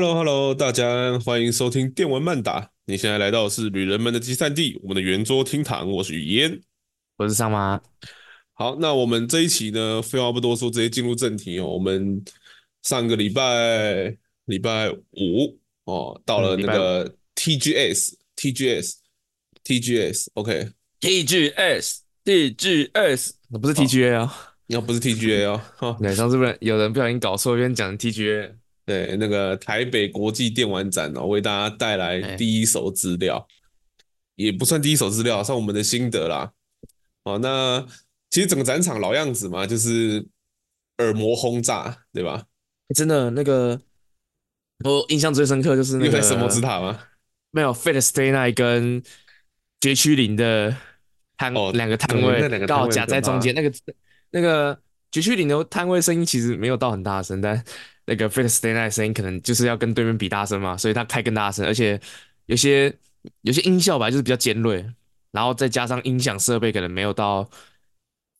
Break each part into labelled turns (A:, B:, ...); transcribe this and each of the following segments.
A: Hello Hello，大家歡迎收聽電玩慢打。你現在來到的是旅人們的集散地，我們的圓桌廳堂。我是雨煙，我是桑麻。好，那我們這一期呢，廢話不多說，直接進入正題哦。我們上個禮拜禮拜五哦，到了那個 TGS TGS TGS OK TGS TGS，那、哦哦、不是 TGA 啊、哦，那、 哦、不是 TGA 哦。你、哦、 上次不是有人不小心搞錯，一邊講 TGA。對，那個台北國際電玩展哦，為大家帶來第一手資料，哎、也不算第一手資料，算我們的心得啦。哦，那其實整個展場老樣子嘛，就是耳膜轟炸，對吧？
B: 欸、真的，那個我印象最深刻就是那個什麼之塔嗎？沒有，Fate Stay Night 跟絕區零的攤、哦、兩個攤位到、嗯、夾在中間，嗯、那個那個絕區零的攤位聲音其實沒有到很大聲，但。那個 Fate Stay Night 聲音可能就是要跟對面比大聲嘛，所以他開更大聲，而且有些有些音效吧，就是比較尖銳，然後再加上音響設備可能沒有到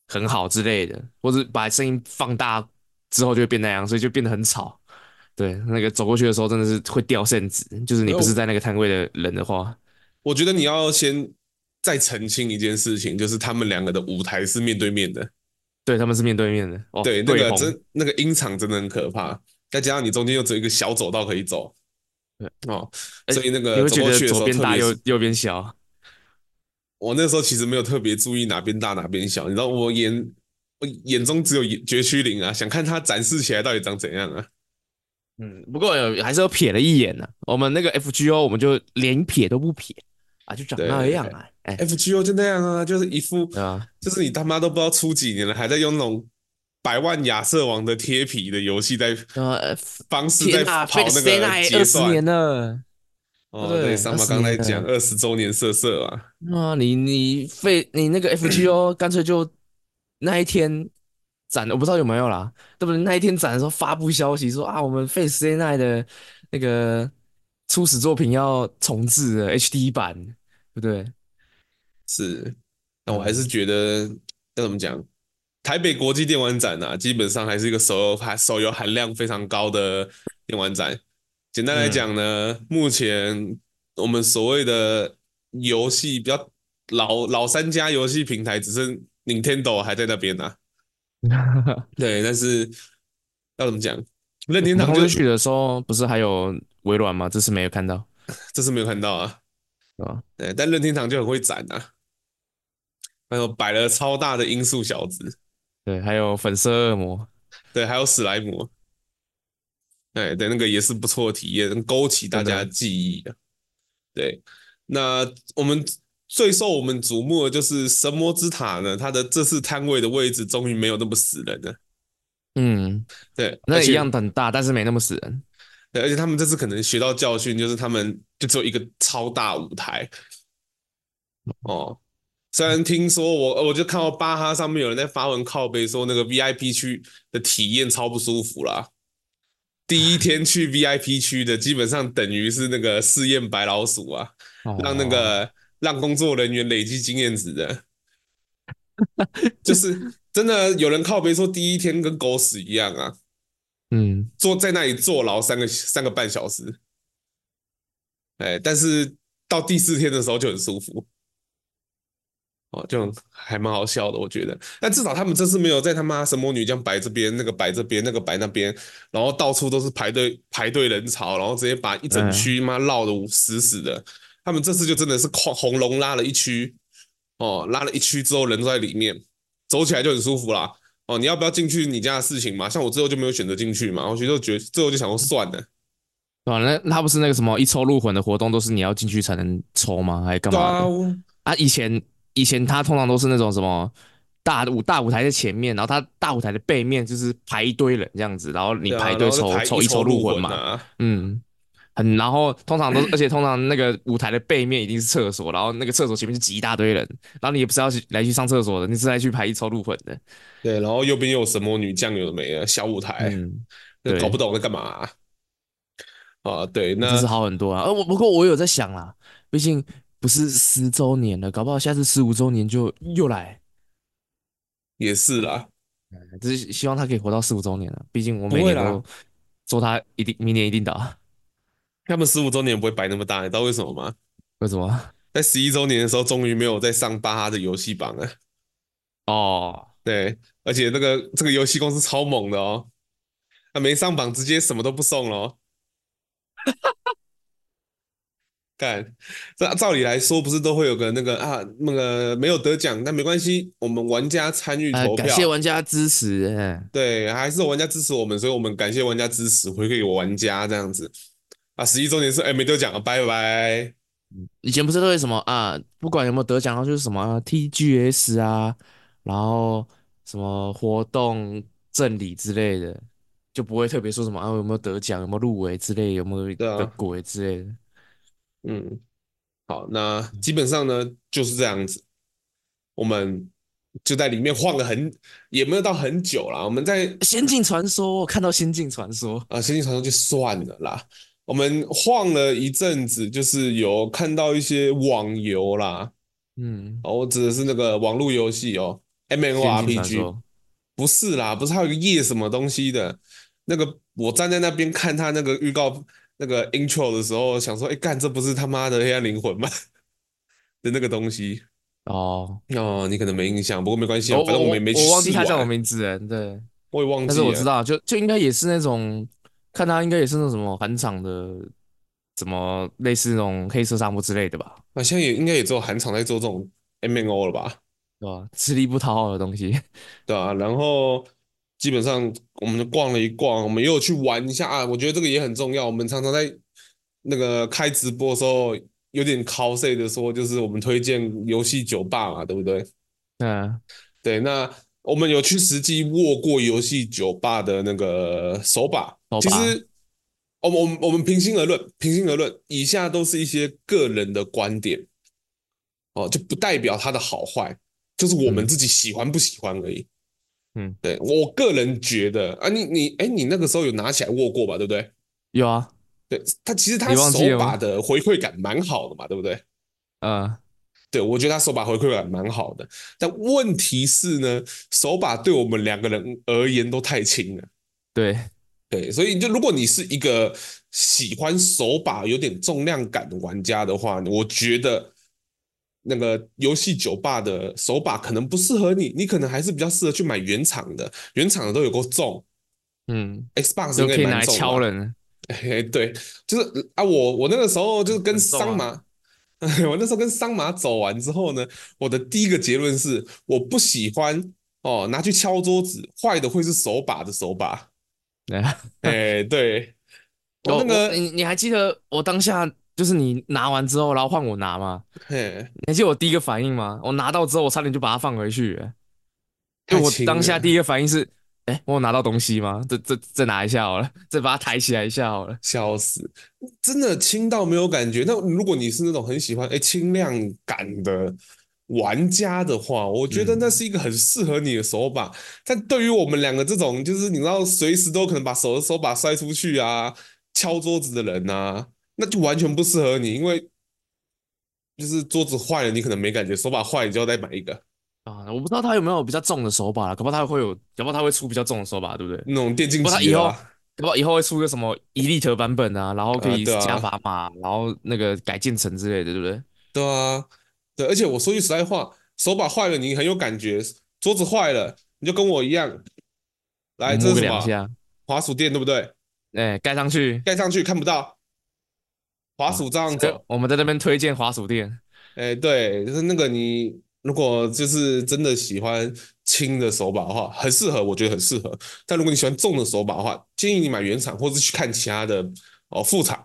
B: 很好之類的，或者把聲音放大之後就會變那樣，所以就變得很吵。對，那個走過去的時候真的是會掉 SAN 值，就是你不是在那個攤位的人的
A: 話、欸，我，我覺得你要先再澄清一件事情，就是他們兩個的舞台是面對面的，
B: 對他們是面對面的，
A: 哦、對那個真紅那個音場真的很可怕。再加上你中間又只有一個小走道可以走，哦，所以那個是、欸、左邊大、右邊小。我那時候其實沒有特別注意哪邊大哪邊小，你知道我眼我眼中只有絕區零啊，想看它展示起來到底長怎樣啊。嗯，
B: 不過有還是有瞥了一眼呢、啊。我們那個 FGO 我們就連瞥都不瞥啊，就長那樣啊。
A: 對欸、FGO 就那樣啊，就是一副，啊、就是你他媽都不知道出幾年了，還在用那種。百萬亞瑟王的貼皮的遊戲在呃方式在跑那個結、啊、20年了，
B: 哦對，桑、哦、麻剛才講
A: 二十周年色色啊。
B: 那你你 Fate，你那個 FGO 乾脆就那一天攢的，嗯、我不知道有沒有啦，對不對？那一天攢的時候發布消息說啊，我們 Fate Night 的那個初始作品要重制 HD 版，對不對？是，
A: 但我還是覺得要怎麼講？台北國際電玩展、啊、基本上還是一個手遊、手遊含量非常高的電玩展。簡單來講呢，嗯、目前我們所謂的遊戲比較老老三家遊戲平台，只剩任天堂還在那邊呢、啊。 對，但是要怎麼講？
B: 任天堂過去的時候不是還
A: 有微軟嗎？這次沒有看到，這次沒有看到啊。啊，對，但任天堂就很會展啊。還、哎、有擺了超大的《音速小子》。對，還有粉色惡魔，對，還有史萊姆，哎，對，那個也是不錯的體驗，勾起大家記憶的。對，對，那我們最受我們矚目的就是神魔之塔呢，它的這次攤位的位置終於沒有那麼死人
B: 了。嗯，
A: 對，那一樣
B: 很大，但是沒那麼死人。
A: 對，而且他們這次可能學到教訓，就是他們就只有一個超大舞台。哦。雖然聽說我，我就看到巴哈上面有人在發文靠北，說那個 VIP 區的體驗超不舒服啦。第一天去 VIP 區的，基本上等於是那個試驗白老鼠啊，讓那個讓工作人員累積經驗值的。就是真的有人靠北說第一天跟狗屎一樣啊，嗯，坐在那裡坐牢三個三個半小時，哎，但是到第四天的時候就很舒服。哦，就還蠻好笑的，我覺得。但至少他們這次沒有在他媽神魔女將擺這邊，那個擺這邊，那個擺那邊，然後到處都是排隊排隊人潮，然後直接把一整區媽繞得死死的。他們這次就真的是狂紅龍拉了一區，哦，拉了一區之後人都在裡面，走起來就很舒服啦。哦，你要不要進去？你家的事情嘛，像我最後就沒有選擇進去嘛，我覺就覺最後就想說算了。
B: 啊，那他不是那個什麼一抽入魂的活動都是你要進去才能抽嗎？還幹嘛？啊，啊以前。以前他通常都是那種什麼大的舞大舞台在前面，然後他大舞台的背面就是排一堆人這樣子，然後你排隊、啊、抽抽一抽入魂嘛，魂啊、嗯，很然後通常都是、嗯、而且通常那個舞台的背面一定是廁所，然後那個廁所前面是擠一大堆人，然後你也不是要去來去上廁所的，你是來去排一
A: 抽入魂的，對，然後右邊又有什麼女醬油沒有美、啊、小舞台，嗯、那搞不懂在幹嘛啊，啊？對，那是好很多啊，而、啊、我不過我有在想啦，
B: 畢竟。不是十週年了，搞不好下次十五週年就又來。
A: 也是啦，嗯，只是希
B: 望他可以活到十五週年了。畢竟我每年都
A: 做。他一定明年一定到，他們十五週年不會擺那麼大。欸，你知道為什麼嗎？為什麼？在十一週年的時候，終於沒有再上巴哈的遊戲榜了。哦，oh. 對，而且這，那個這個遊戲公司超猛的哦，他沒上榜直接什麼都不送嘍，哦。 對，照照理來說，不是都會有個那個啊，那個沒有得獎，但沒關係，我們玩家參與投票，呃，感謝玩
B: 家支持。欸、
A: 對，還是玩家支持我們，所以我們感謝玩家支持，回饋給玩家這樣子。啊，十一周年是哎、欸、沒得獎啊，拜拜。
B: 以前不是都會什麼啊，不管有沒有得獎，然後就是什麼 TGS 啊，然後什麼活動贈禮之類的，就不會特別說什麼啊
A: 有沒有得獎，有沒有入圍之類，有沒有個鬼之類的。嗯，好，那基本上呢就是這樣子，我們就在裡面晃了很，也沒有到很久啦。我們在《仙境傳說》我看到仙境傳說，啊《仙境傳說》啊，《仙境傳說》就算了啦。我們晃了一陣子，就是有看到一些網遊啦。嗯，哦，我指的是那個網路遊戲哦，M N O R P G，不是啦，不是，還有一個夜什麼東西的那個，我站在那邊看他那個預告。那個 intro 的時候想說，哎、欸、幹，這不是他媽的黑暗靈魂嗎？的那個東西哦，哦，你可能沒印象，不過沒關係，哦、反正我也沒去。我忘記他叫什麼名字，對，我也忘記。但是我知道，
B: 就就應該也是那種，看他應該也是那什麼韓廠的，什麼類似那種黑色沙漠之類
A: 的吧。啊，現在也應該也只有韓廠在做這種 M M O 了吧？對、啊、吃力不討好的東西，對啊，然後。基本上，我們就逛了一逛，我們又去玩一下啊。我覺得這個也很重要。我們常常在那個開直播的時候，有點 c o s 的說，就是我們推薦遊戲酒吧嘛，對不對？嗯，對。那我們有去實際握過遊戲酒吧的那個手把，手把。其實我，我們我們我們平心而論，平心而論，以下都是一些個人的觀點，哦，就不代表它的好壞，就是我們自己喜歡不喜歡而已。嗯。嗯對，對我個人覺得啊你，你你哎，你那個時候有拿起來握過吧，對不對？有啊，對他其實他手把的回饋感蠻好的嘛，對不對？啊、呃，對我覺得他手把回饋感蠻好的，但問題是呢，手把對我們兩個人而言都太輕了，對對，所以就如果你是一個喜歡手把有點重量感的玩家的話，我覺得。那個遊戲酒吧的手把可能不適合你，你可能還是比較適合去買原廠的，原廠的都有夠重，嗯，Xbox 那個拿來敲人了，哎對，就是啊，我我那個時候就是跟桑麻、啊哎，我那時候跟桑麻走完之後呢，我的第一個結論是我不喜歡哦拿去敲桌子，壞的會是手把的手把， 哎對，我那個你、
B: 哦、你還記得我當下？就是你拿完之後，然後換我拿嘛？對嘿，你還記得我第一個反應嗎？我拿到之後，我差點就把它放回去。
A: 就我當下
B: 第一個反應是：哎、欸，我有拿到東西嗎？再再再拿一下好了，再把
A: 它抬起來一下好了。笑死，真的輕到沒有感覺。那如果你是那種很喜歡哎、欸、輕量感的玩家的話，我覺得那是一個很適合你的手把。嗯、但對於我們兩個這種，就是你知道，隨時都可能把手的手把摔出去啊，敲桌子的人啊。那就完全不適合你，因為就是桌子壞了，你可能沒感覺；手把壞了，你就要再買一個。啊，我不知道他有沒有比較
B: 重的手把了、啊，恐怕他會有，恐怕他會出比較重的手把，對不對？那種電競椅，恐、啊、怕以後會出
A: 個什麼 Elite 版本啊，然後可以加砝碼，碼，啊啊、然後那個改進成之類的，對不對？對啊，對，而且我說句實在話，手把壞了你很有感覺，桌子壞了你就跟我一樣，來這是什麼摸個兩下，滑鼠墊對不對？哎、欸，蓋上去，蓋上去看不到。滑鼠這樣子、啊，我們在那邊推薦滑鼠墊。哎，對，就是那個你如果就是真的喜歡輕的手把的話，很適合，我覺得很適合。但如果你喜歡重的手把的話，建議你買原廠或是去看其他的哦副廠。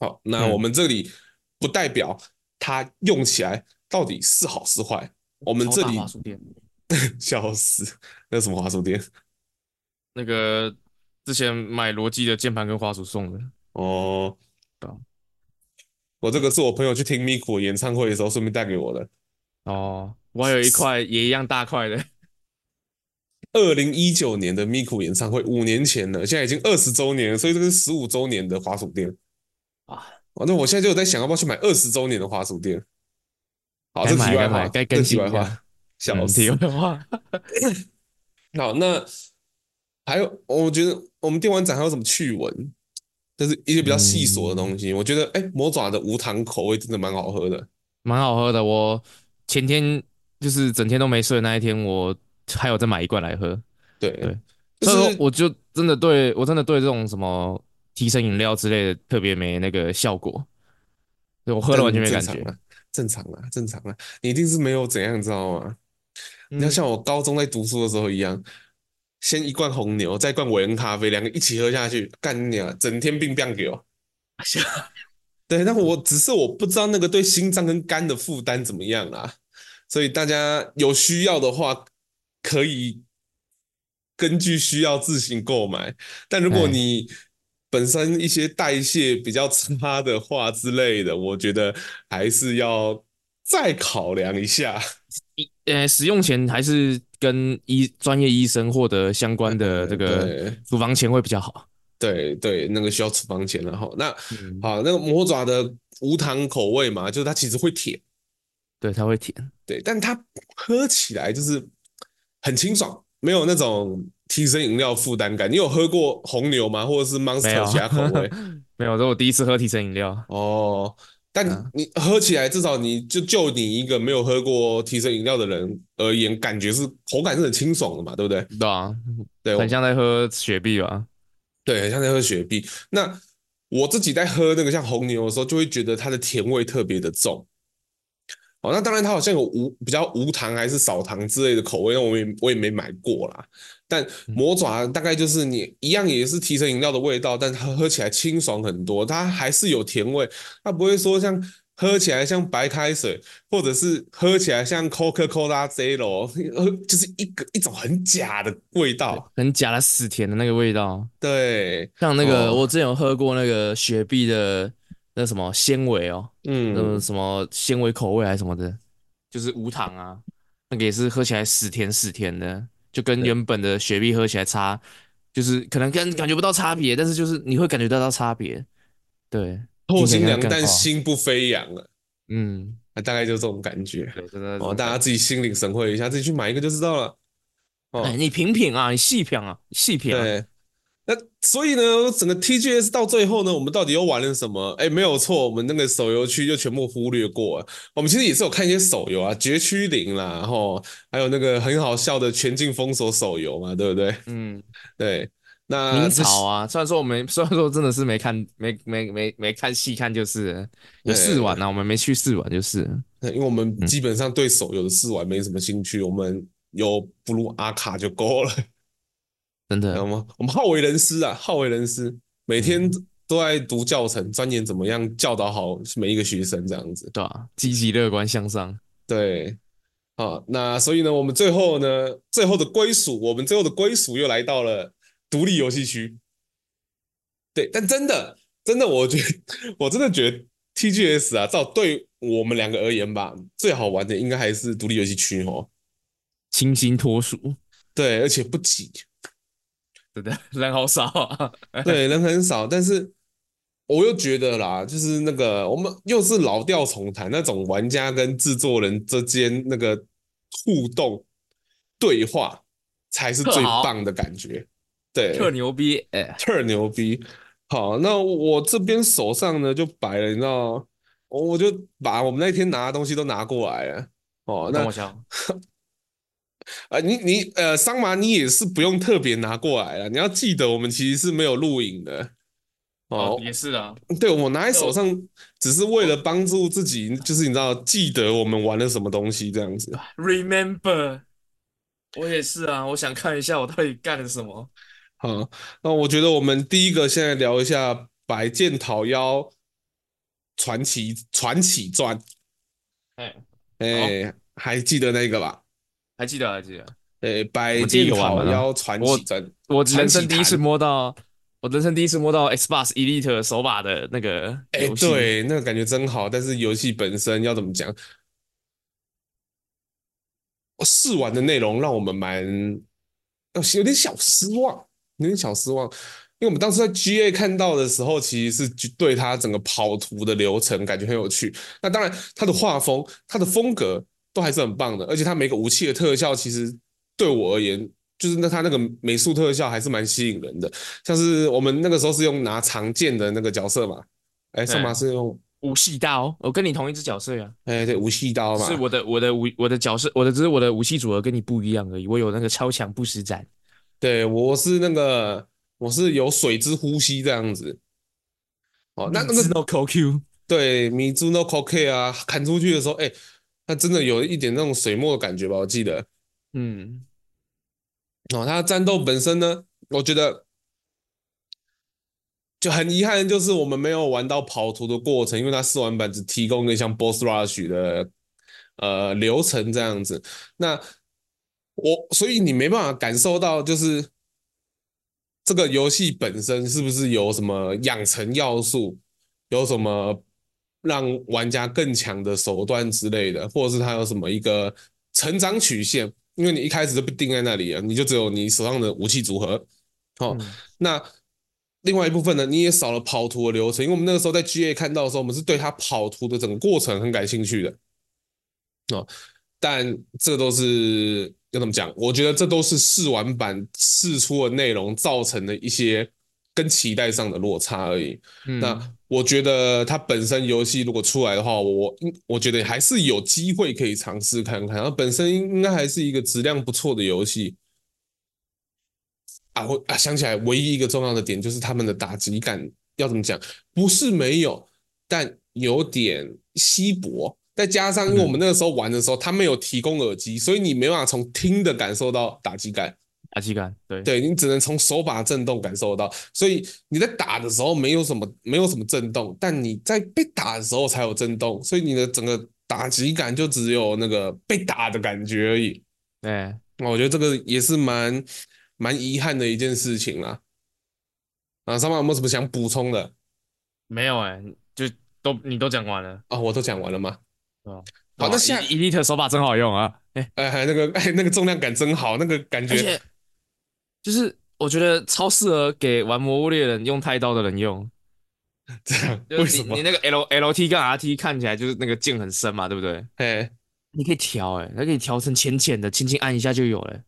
A: 嗯、好，那我們這裡不代表它用起來到底是好是壞。我們這裡滑鼠墊，， 笑死，那是什麼滑鼠墊？
B: 那個之前買羅
A: 技的鍵盤跟滑鼠送的哦。對我這個是我朋友去聽 Miku 演唱會的時候順便帶給我的。哦，我還有一塊也一樣大塊的。二零一九年的 Miku 演唱會，五年前了，現在已經二十周年了，所以這個是十五周年的滑鼠墊。啊，那、啊、我現在就在想，要不要去買二十周年的滑鼠墊。好，該買該買，該跟喜歡話。小題化。好，那還有，我覺得我們電玩展還有什麼趣聞？但是一些比較細瑣的東西，嗯、我覺得，哎、欸，魔爪的無糖口味真的蠻好喝的，
B: 蠻好喝的。我前天就是整天都沒睡那一天，我還有再買一罐來喝。對對，所以說我就真的對我真的對這種什麼提神飲料之類的特別沒那個效果，對我喝了完全沒感覺。正、
A: 正常了、啊，正常了、啊啊，你一定是沒有怎樣，你知道嗎？你要、嗯、像我高中在讀書的時候一樣。先一罐紅牛，再一罐韋恩咖啡，兩個一起喝下去，幹你啊，整天病病給我 對。但我只是我不知道那個對心臟跟肝的負擔怎麼樣啊。所以大家有需要的話，可以根據需要自行購買。但如果你本身一些代謝比較差的話之類的，我覺得還是要再考量一下。呃，使用前還是跟醫專業醫生獲得相關的這個
B: 處方箋會比較好。嗯、
A: 對對，那個需要處方箋然哈。那、嗯、好，那個魔爪的無糖口味嘛，就是它其實會甜。對，它會甜。對，但它喝起來就是很清爽，沒有那種提神飲料負擔感。你有喝過紅牛嗎？或者是 Monster 其他口味？沒有，
B: 沒有，這我第一次喝提神飲料。
A: 哦。但你喝起來，至少你就就你一個沒有喝過提神飲料的人而言，感覺是口感是很清爽的嘛，對不對？對啊，對，很像在喝雪碧吧，對，對，很像在喝雪碧。那我自己在喝那個像紅牛的時候，就會覺得它的甜味特別的重。哦、那當然，它好像有無比較無糖還是少糖之類的口味，那我也我也沒買過啦。但魔爪大概就是你一樣也是提神飲料的味道，但它喝起來清爽很多，它還是有甜味，它不會說像喝起來像白開水，或者是喝起來像 Coca Cola Zero，就是一個一種很假的味道，
B: 很假的死甜的那個味道。對，像那個、哦、我之前有喝過那個雪碧的。那什麼纖維哦，嗯，那什麼纖維口味還是什麼的，就是無糖啊，那個也是喝起來死甜死甜的，就跟原本的雪碧喝起來差，對就是可能跟感覺不到差別，但是就是你會感覺到到差別，對，透心涼但心
A: 不飛揚了，對嗯、啊，大概就是這種感覺，真的，哦，大家自己心領神會一下，自己去買一個就知道了，哎、哦欸，你品品啊，你細品啊，細品、啊。對那所以呢，整個 TGS 到最後呢，我們到底又玩了什麼？哎，沒有錯，我們那個手遊區就全部忽略過。我們其實也是有看一些手遊啊，絕區零啦，然後還有那個很好笑的《全境封鎖》手遊嘛，對不對？嗯，對。那明朝啊，這雖然說我
B: 們，雖然說真的是沒看，沒沒沒沒，沒看細看，就是有、啊、試玩啊，啊我們沒去試玩就是，
A: 因為我們基本上對手遊的試玩沒什麼興趣，嗯、我們有布魯阿卡就夠了。真的，我們我們好為人師啊，好為人師，每天都在讀教程，鑽研怎麼樣教導好每一個學生，這樣子，對吧、啊？積極樂觀向上，對，好，那所以呢，我們最後呢，最後的歸屬，我們最後的歸屬又來到了獨立遊戲區，對，但真的，真的，我覺得，我真的覺得，TGS 啊，照對我們兩個而言吧，最好玩的應該還是獨立遊戲區哦，清新脫俗，對，而且不擠。對，人好少， 對，人很少，但是我又覺得啦，就是那個我們又是老調重彈那種玩家跟製作人之間那個互動對話，才是最棒的感覺，好對，特牛逼，哎、欸，特牛逼。好，那我這邊手上呢就擺了，你知道，我就把我們那天拿的東西都拿過來，了。哦，那我想。 啊、呃，你你呃桑麻，你也是不用特別拿過來了，你要記得，我們其實是沒有錄影的。哦，也是啊，對，我拿在手上，只是為了幫助自己，哦、就是你知道記得我們玩了什麼東西這樣子。
B: Remember，我也是啊，我想看一下我到底幹了什麼。
A: 好、嗯，那我覺得我們第一個現在聊一下《百劍討妖傳奇傳奇傳》。哎哎，還記得那個吧？還記得還記得，還記得，呃，百級腰傳奇，傳，我，我，人我人生第一次摸到，我人生第一次摸到 Xbox Elite 手把的那個，哎、欸，對，那個感覺真好。但是遊戲本身要怎麼講？試、哦、玩的內容讓我們蠻有點小失望，有點小失望，因為我們當時在 GA 看到的時候，其實是對它整個跑圖的流程感覺很有趣。那當然，它的畫風，它的風格。都還是很棒的，而且它每個武器的特效，其實對我而言，就是那它那個美術特效還是蠻吸引人的。像是我們那個時候是用拿長劍的那個角色嘛，哎、欸，上把桑麻是用，欸、武士刀，我跟你同一只角色呀，啊，哎、欸，對，武士刀嘛，是我的，我的武，我的角色，我的只是我的武器組合跟你不一樣而已，
B: 我有那個超強不死斬，
A: 對我是那個我是有水之呼吸這樣子，哦，那那是 No Q，對，米珠 No K 啊，砍出去的時候，哎、欸。他真的有一點那種水墨的感覺吧？我記得，嗯，哦，它的戰鬥本身呢，我覺得就很遺憾，就是我們沒有玩到跑圖的過程，因為他試玩版只提供跟像 Boss Rush 的呃流程這樣子。那我所以你沒辦法感受到，就是這個遊戲本身是不是有什麼養成要素，有什麼？讓玩家更強的手段之類的，或者是他有什麼一個成長曲線，因為你一開始都被定在那裡啊，你就只有你手上的武器組合。嗯、哦。那另外一部分呢，你也少了跑圖的流程，因為我們那個時候在 GA 看到的時候，我們是對他跑圖的整個過程很感興趣的。哦，但這都是要怎麼講？我覺得這都是試玩版試出的內容造成的一些。跟期待上的落差而已。嗯、那我覺得它本身遊戲如果出來的話我，我我覺得還是有機會可以嘗試看看。它本身應該還是一個質量不錯的遊戲啊。我啊想起來，唯一一個重要的點就是他們的打擊感要怎麼講？不是沒有，但有點稀薄。再加上因為我們那個時候玩的時候，他沒有提供耳機，所以你沒有辦法從聽的感受到打擊感。打擊感，對對，你只能從手把的震動感受到，所以你在打的時候沒有什麼沒有什麼震動，但你在被打的時候才有震動，所以你的整個打擊感就只有那個被打的感覺而已。對、欸，那我覺得這個也是蠻蠻遺憾的一件事情啦、啊。啊，桑麻有沒有什麼想補充的？沒有哎、欸，就都你都講完了啊、哦？我都講完了嗎？啊、哦，好，哇那現在 Elite 手把真好用啊！哎、欸、哎、欸，那個哎、欸、那個重量感真好，
B: 那個感覺。就是我覺得超適合給玩《魔物獵人》用太刀的人用，為什麼？你那個 L L T 跟 R T 看起來就是那個鍵很深嘛，對不對？嘿你可以調它、欸、可以調成淺淺的，輕輕按一下就有了、欸。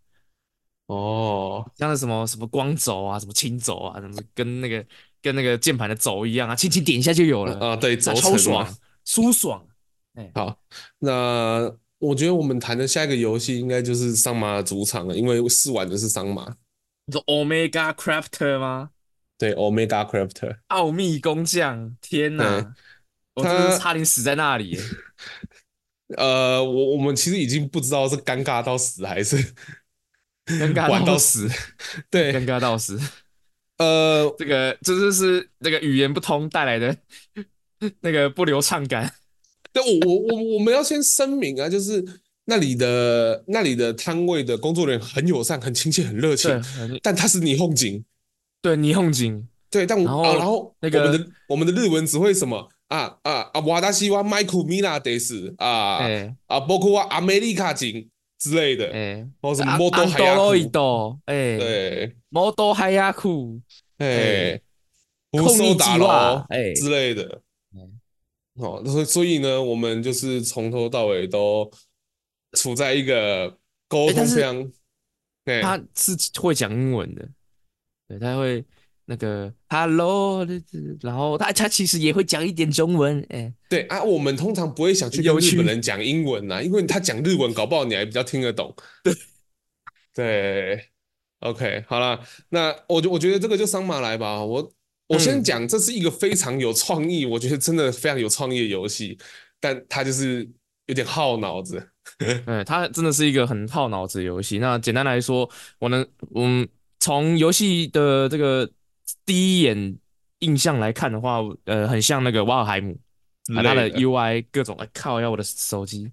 B: 哦，像那什麼什麼光軸啊，什麼青軸啊，什麼跟那個跟那個鍵盤的軸一樣啊，輕輕點一下就有了啊、呃呃。對，啊啊、超爽，舒爽。欸、
A: 好，那我覺得我們談的下一個遊戲應該就是《桑麻的主場》了，因為試玩的是《桑麻》。你說 Omega Crafter 嗎？對，Omega Crafter，奧秘工匠，天哪！我真、oh, 是差點死在那裡。 呃，我我們其實已經不知道是尷尬到死還是尷尬到死，對，尷尬到死。呃，這個就是、是那個語言不通帶來的那個不流暢感。但 我我我我們要先聲明啊，就是。那裡的那裡的攤位的工作人員很友善、很親切、很熱情，但他是霓虹景，對霓虹景，對。但然後那個我們的日文只會什麼啊啊啊，ワダシワマイクミナです啊啊啊，包括ワアメリカ景之類的，哎，包括モドハイヤク哎，對，モドハイヤク哎，控逆打羅哎之類的，好，所以所以呢，我們就是從頭到尾都。處在一個溝通上對、欸，
B: 他是會講英文的，對，他會那個 hello，然後他他其實也會講一點中文，哎、欸，
A: 對啊，我們通常不會想去要日本人講英文吶、啊，因為他講日文搞不好你還比較聽得懂，對對，OK，好了，那我我我覺得這個就上馬來吧，我我先講，這是一個非常有創意，嗯、我覺得真的非常有創意的遊戲，但他就是有點耗腦子。 嗯，它真的是一個很耗腦子的遊戲。那簡單
B: 來說，我能，嗯，從遊戲的這個第一眼印象來看的話，呃，很像那個瓦爾海姆，把它的 UI 各種，了哎靠！我一下我的手機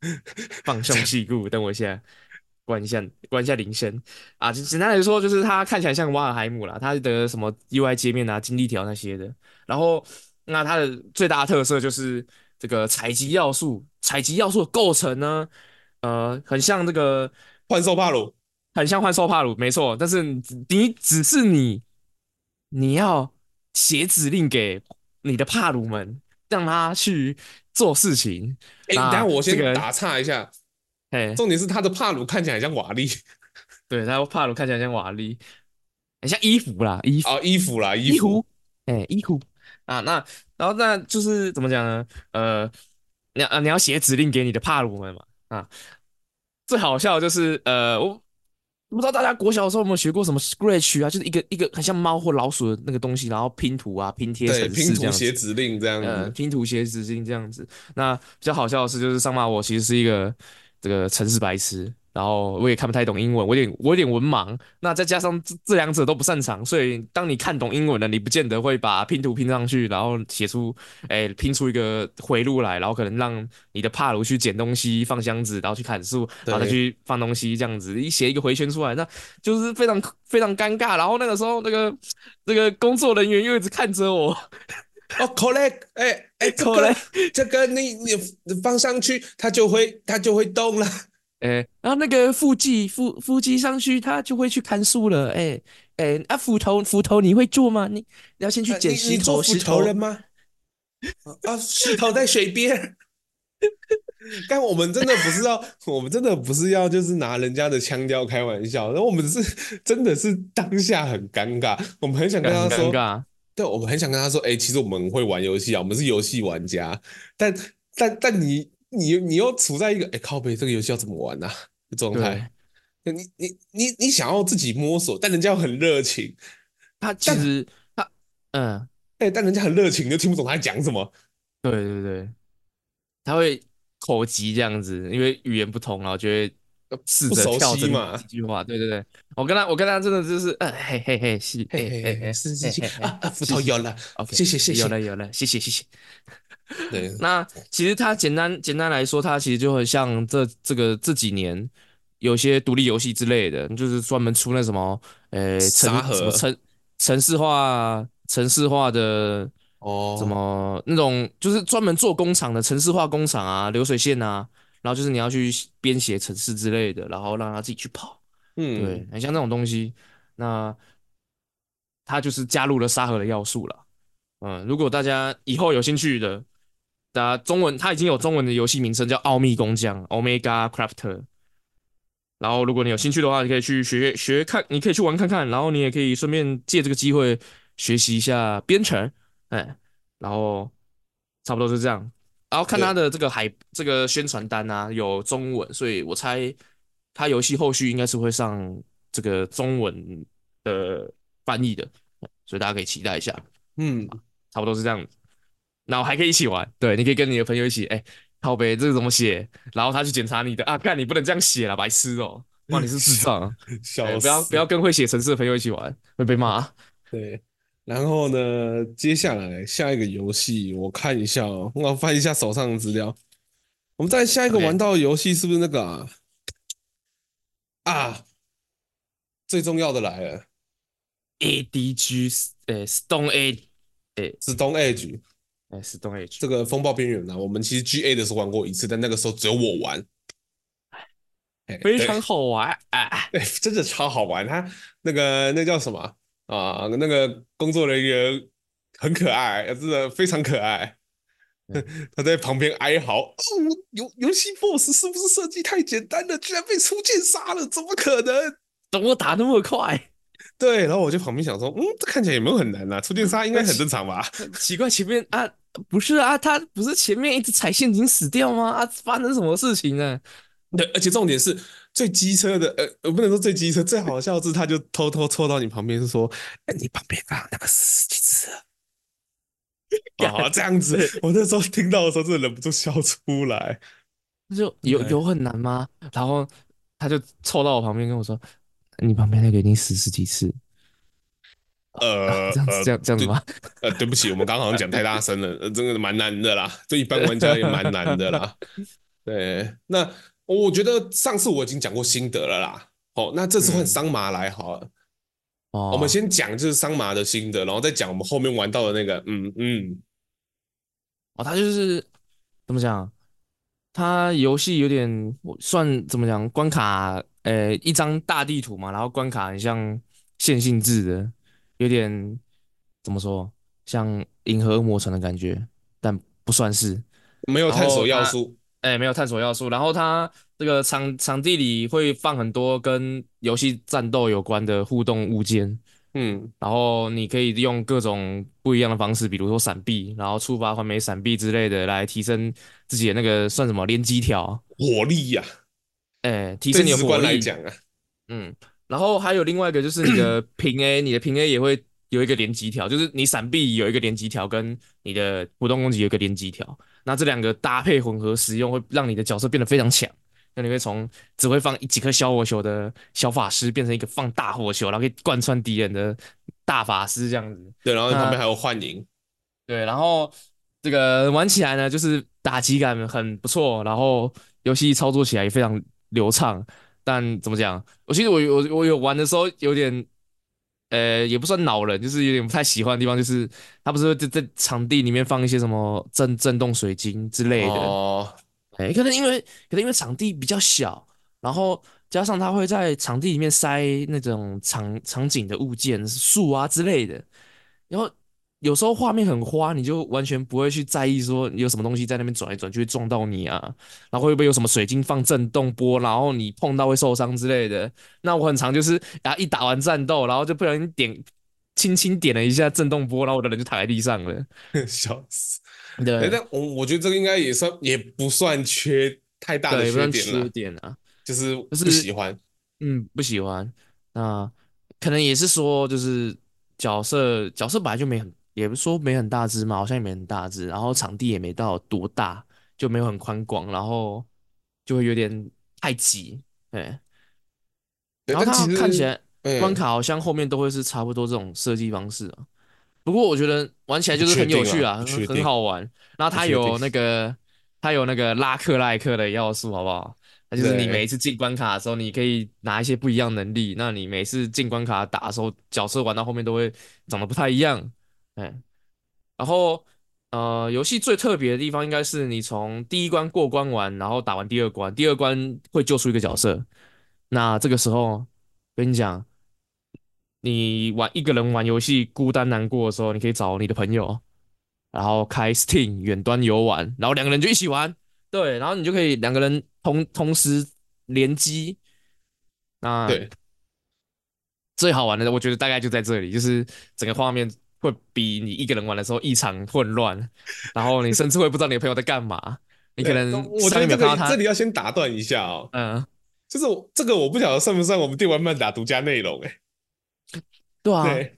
B: 放東西，不，等我一下， 關一下，關一下鈴聲啊。就簡單來說，就是它看起來像瓦爾海姆啦，它的什麼 UI 界面啊、精力條那些的。然後，那它的最大特色就是。這個採集要素，採集要素的構成呢，呃，很像這個幻獸帕魯，很像幻獸帕魯，沒錯。但是你只是你，你要寫指令給你的帕魯們，讓他去做事情。哎、
A: 欸，啊、等一下我先打岔
B: 一下。哎、這個，嘿重點是他的帕魯看起來很像瓦力。 對，他的帕魯看起來很像瓦力，很像伊芙啦，伊芙啊、哦，伊芙啦，伊芙。哎、欸，伊芙。啊，那然後那就是怎麼講呢？呃，你啊，你要寫指令給你的帕魯們嘛。啊，最好笑就是呃我，我不知道大家國小的時候有沒有學過什麼 Scratch 啊，就是一個一個很像貓或老鼠的那個東西，然後拼圖啊、拼貼對，拼圖，寫指令這樣子，拼圖寫指
A: 令這樣子，呃、
B: 拼圖寫指令這樣子。嗯、那比較好笑的是，就是桑麻我其實是一個這個城市白痴。然後我也看不太懂英文，我有點我有點文盲，那再加上這這兩者都不擅長，所以當你看懂英文了，你不見得會把拼圖拼上去，然後寫出，哎，拼出一個回路來，然後可能讓你的帕魯去撿東西、放箱子，然後去砍樹，然後再去放東西，這樣子一寫一個回圈出來，那就是非常非常尷尬。然後那個時候，那個那個工
A: 作人員又一直看着我，哦，collect，哎哎，collect，這個你你放上去，它就會它就會動了。哎、欸，然後那個附驥
B: 附附上去，他就會去看樹了。哎、欸、哎、欸，啊，斧頭斧頭，你會做嗎？你，
A: 你要先去撿石頭、啊、頭人石頭了嗎？啊，石頭在水邊。 但我們真的不是要， 我們真的不是要就是拿人家的腔調開玩笑，那我們是真的是當下很尷尬，我們很想跟他說，對我們很想跟他說，哎、欸，其實我們會玩遊戲啊，我們是遊戲玩家，但但但你。你你又處在一個哎靠北這個遊戲要怎麼玩呢？狀態，你你你你想要自己摸索，但人家又很熱情。他其實他嗯，哎，但人家很熱情，你又聽不懂他在講什麼。對對對，
B: 他會口急這樣子，因為語言不通，我覺得試着跳幾句話。對對對，我跟他我跟他真的就是嗯嘿嘿嘿，是嘿嘿嘿，是是是啊啊，斧頭有了，謝謝謝謝，有了有了，謝謝謝謝。對， 那其實它簡單簡單來說，它其實就很像這這個這幾年有些獨立遊戲之類的，就是專門出那什麼，誒程程程式化程式化的哦，oh. 什麼那種就是專門做工廠的程式化工廠啊，流水線啊，然後就是你要去編寫程式之類的，然後讓它自己去跑，嗯，對，很像那種東西。那它就是加入了沙盒的要素了，嗯，如果大家以後有興趣的。打、啊、中文，它已經有中文的遊戲名稱叫《奧秘工匠》（Omega Crafter）。然後，如果你有興趣的話，你可以去學學看，你可以去玩看看。然後，你也可以順便借這個機會學習一下編程。哎，然後差不多是這樣。然後看它的這個海對這個宣傳單啊，有中文，所以我猜它遊戲後續應該是會上這個中文的翻譯的，所以大家可以期待一下。嗯，差不多是這樣。那我還可以一起玩，對，你可以跟你的朋友一起，哎，靠北，這個怎麼寫？然後他去檢查你的啊，看你不能這樣寫了，白痴哦，喔，哇，你是智障，
A: 小，不要不要跟會寫程式的朋友一起玩，會被罵。對，然後呢，接下來下一個遊戲，我看一下，哦，我要翻一下手上的資料，我們再下一個玩到的遊戲是不是那個啊？Okay. 啊，最重要的來了，ADG Stone Age，Stone Age S D H，S 這個風暴邊緣呢，我們其實 G A 的時候玩過一次，但那個時候只有我玩，
B: 非常
A: 好玩，哎真的超好玩。他那個那叫什麼啊、呃？那個工作人員很可愛，真的非常可愛。對他在旁邊哀嚎哦，遊遊戲 BOSS 是不是設計太簡單了？居然被初見殺了，怎麼可能？怎麼打那麼快？對，然後我就旁邊想說，嗯，這看起來也沒有很難吶、啊，出電殺應該很正常吧？奇怪，前面啊，不是啊，他不是前面一直踩陷阱死掉嗎？啊，發生什麼事情呢？對，而且重點是最機車的，呃，我不能說最機車，最好笑的是他就偷偷湊到你旁邊就說：“哎、 欸，你旁邊放、啊、那個死機車。 ”啊、哦，這樣子， 我那時候聽到的時候真的忍不住笑
B: 出來。就有有很難嗎？對然後他就湊到我旁邊跟我說。你旁邊那個已經死十幾次，呃、啊，
A: 這樣這樣、呃、這樣子嗎？呃，對不起，我們剛好像講太大聲了， 真的蠻難的啦，這一般玩家也蠻難的啦。 對，那我覺得上次我已經講過心得了啦，好、哦，那這次換桑麻來好了，
B: 好、嗯，哦，我們
A: 先講就是桑麻的心得，然後再講我們後面玩到的那個，嗯嗯，哦，他就是怎麼講，
B: 他遊戲有點，我算怎麼講關卡。呃，一張大地圖嘛，然後關卡很像線性制的，有點怎麼說，像《銀河惡魔城》的感覺，但不算是，沒有探索要素，哎，沒有探索要素。然後它這個場場地裡會放很多跟遊戲戰鬥有關的互動物件，嗯，然後你可以用各種不一樣的方式，比如說閃避，然後觸發完美閃避之類的，來提升自己的那個算什麼連擊條？火力呀、啊。哎、欸，提升你的火力來講
A: 啊，嗯，
B: 然後還有另外一個就是你的平 A， 你的平 A 也會有一個連擊條，就是你閃避有一個連擊條，跟你的普通攻擊有一個連擊條，那這兩個搭配混合使用，會讓你的角色變得非常強。那你會從只會放一幾顆小火球的小法師，變成一個放大火球，然後可以貫穿敵人的大法師這樣子。
A: 對，然後你旁邊還有幻影。
B: 對，然後這個玩起來呢，就是打擊感很不錯，然後遊戲操作起來也非常。流暢，但怎麼講？我其實我有我有玩的時候，有點，呃，也不算惱人，就是有點不太喜歡的地方，就是他不是在在場地裡面放一些什麼震震動水晶之類的，哎、哦欸，可能因為可能因為場地比較小，然後加上他會在場地裡面塞那種場場景的物件，樹啊之類的，然後。有時候畫面很花，你就完全不會去在意說你有什麼東西在那邊轉一轉就會撞到你啊，然後會不會有什麼水晶放震動波，然後你碰到會受傷之類的。那我很常就是啊，然後一打完戰鬥，然後就不小心點輕輕點了一下震動波，然後我的人就躺在地上了，笑死。對，那
A: 我我覺得這個應該也算也不算缺太大的缺點了，缺點啊，就是不喜歡，就是，嗯，
B: 不喜歡。那，呃，可能也是說就是角色角色本來就沒很。也不說沒很大隻嘛，好像也沒很大隻，然後場地也沒到多大，就沒有很寬廣，然後就會有點太擠，對。對，然後它看起來其實關卡好像後面都會是差不多這種設計方式啊。不過我覺得玩起來就是很有趣啊，很好玩。然後它有那個它有那個拉克拉克的要素，好不好？那就是你每一次進關卡的時候，你可以拿一些不一樣的能力。對那你每次進關卡打的時候，角色玩到後面都會長得不太一樣。哎，然後呃，遊戲最特別的地方應該是你從第一關過關完，然後打完第二關，第二關會救出一個角色。那這個時候，跟你講，你玩一個人玩遊戲孤單難過的時候，你可以找你的朋友，然後開 Steam 遠端遊玩，然後兩個人就一起玩，對，然後你就可以兩個人同同時聯機。那對，最好玩的我覺得大概就在這裡，就是整個畫面。會比你一個人玩的時候異常混亂，然後你甚至會不知道你的朋友在幹嘛。 你可能，呃、我想秒看這裡
A: 要先打斷一下哦。嗯，就是這個我不曉得算不算我們電玩慢打獨家內容哎，嗯。對啊，對，